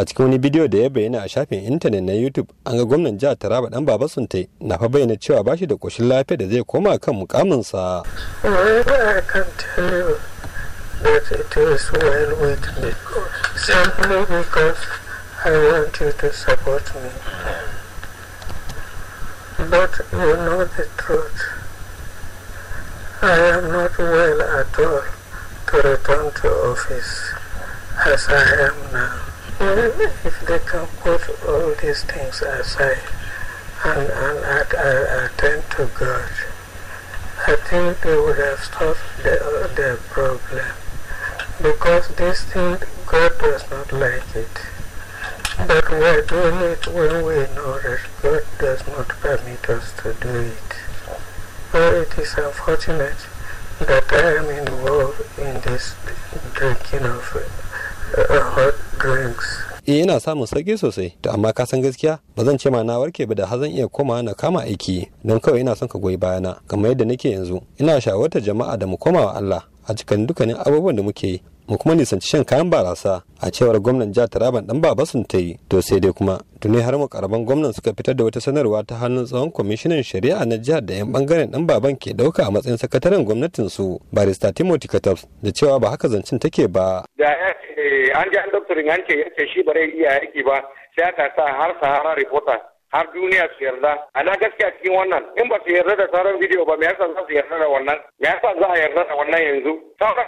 a cikin wani bidiyo da ya bayyana a shafin intanet na youtube an ga gwamnan jihar taraba dan baba sunte na fa bayyana cewa bashi da koshin lafiya da zai koma kan mukaminsa I want you to support me. But you know the truth. I am not well at all to return to office as I am now. if they can put all these things aside and, and at, uh, attend to God, I think they would have solved the, uh, their problem. Because this thing, God does not like it. But we are doing it when we know that God does not permit us to do it. Well, it is unfortunate that I am involved in this drinking of hot drinks. eh ina samun sauki sosai to amma ka san gaskiya ba zan ce ma na warke ba da har zan iya koma na kama aiki don kawai ina son ka goyi bayana kamar yadda nake yanzu ina shawartar jama'a da mu koma wa Allah a cikin dukkanin abubuwan da muke yi mu kuma nisanci shan kayan barasa a cewar gwamnan jihar taraban dan baba sun ta yi to sai dai kuma tuni har karaban gwamnan suka fitar da wata sanarwa ta hannun tsawon kwamishinan shari'a na jihar da yan bangaren dan baban ke dauka a matsayin sakataren gwamnatin su barista timothy katops da cewa ba haka zancen take ba da an ji an doktorin an ce shi shi bare iya yaki ba sai aka sa har sahara reporter har duniya su yarda a na gaskiya cikin wannan in ba su yarda da sauran bidiyo ba me yasa za su yarda da wannan me yasa za a yarda da wannan yanzu sauran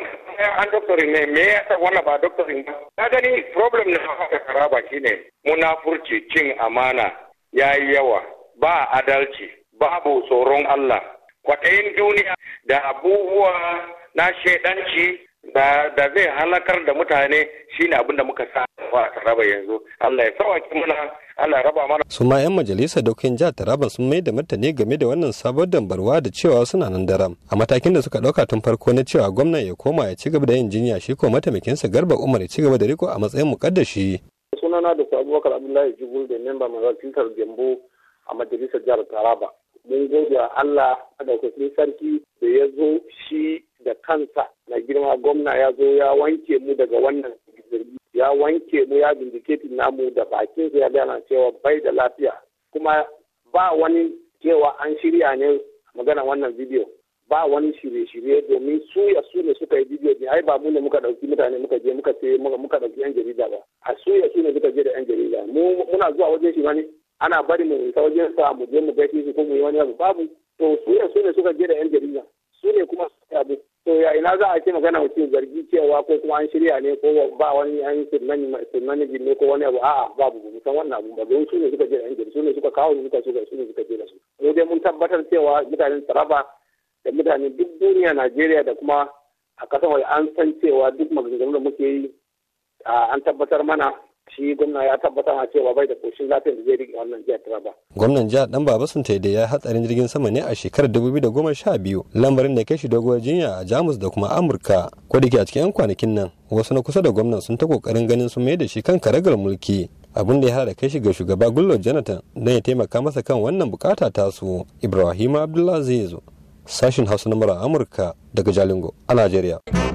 an doctorin ne me yasa wannan ba doctorin ba na gani problem na haka karaba shine munafurci cin amana yayi yawa ba adalci babu tsoron Allah kwaɗayin duniya da abubuwa na shaidanci da zai halakar da mutane shine abin da muka sa fa a yanzu allah ya sauwaƙe mana allah raba mana. su ma 'yan majalisa dokin jihar Taraba sun mai da martani game da wannan sabon dambarwa da cewa suna nan daram a matakin da suka ɗauka tun farko na cewa gwamnan ya koma ya ci gaba da yin jinya shi ko sa garba umar ya ci gaba da riko a matsayin mukaddashi. sunana da ku abubakar abdullahi Jibril da member majalisar wakiltar gembo a majalisar jihar taraba mun gode wa allah madaukakin sarki da ya zo shi da kansa na girma gwamna ya zo ya wanke mu daga wannan ya wanke mu ya bincike namu da bakin ya gana cewa bai da lafiya kuma ba wani cewa an shirya ne magana wannan bidiyo ba wani shirye-shirye domin su ya su ne suka yi bidiyo ne ai ba mu ne muka dauki mutane muka je muka ce muka dauki yan jarida ba a su ya su ne suka je da yan jarida mu muna zuwa wajen shi wani ana bari mu isa wajen sa mu je mu gaishe shi ko mu yi wani abu babu to su ya su ne suka je da yan jarida su ne kuma su abu to ya ina za a ce magana mutum zargi cewa ko kuma an shirya ne ko ba wani an sirmani ne ko wani abu a'a babu mu san wannan abu ba don su ne suka je da yan su ne suka kawo su suka su ne suka je da su mu dai mun tabbatar cewa mutanen taraba da mutanen duk duniya Najeriya da kuma a kasar waje an san cewa duk maganganun da muke yi an tabbatar mana shi gwamna ya tabbata a cewa bai da koshin lafiyar da zai rike wannan jihar Taraba. Gwamnan jihar Dan Baba sun da ya hatsarin jirgin sama ne a shekarar 2012 lambarin da kai shi doguwar jinya a Jamus da kuma Amurka ko da a cikin 'yan kwanakin nan wasu na kusa da gwamnan sun ta kokarin ganin sun mai da shi kan karagar mulki abin da ya hada da kai shi ga shugaba Gullo Jonathan don ya taimaka masa kan wannan bukata tasu Ibrahim Abdullahi Zezo sashin Hausa na Amurka daga Jalingo a Najeriya.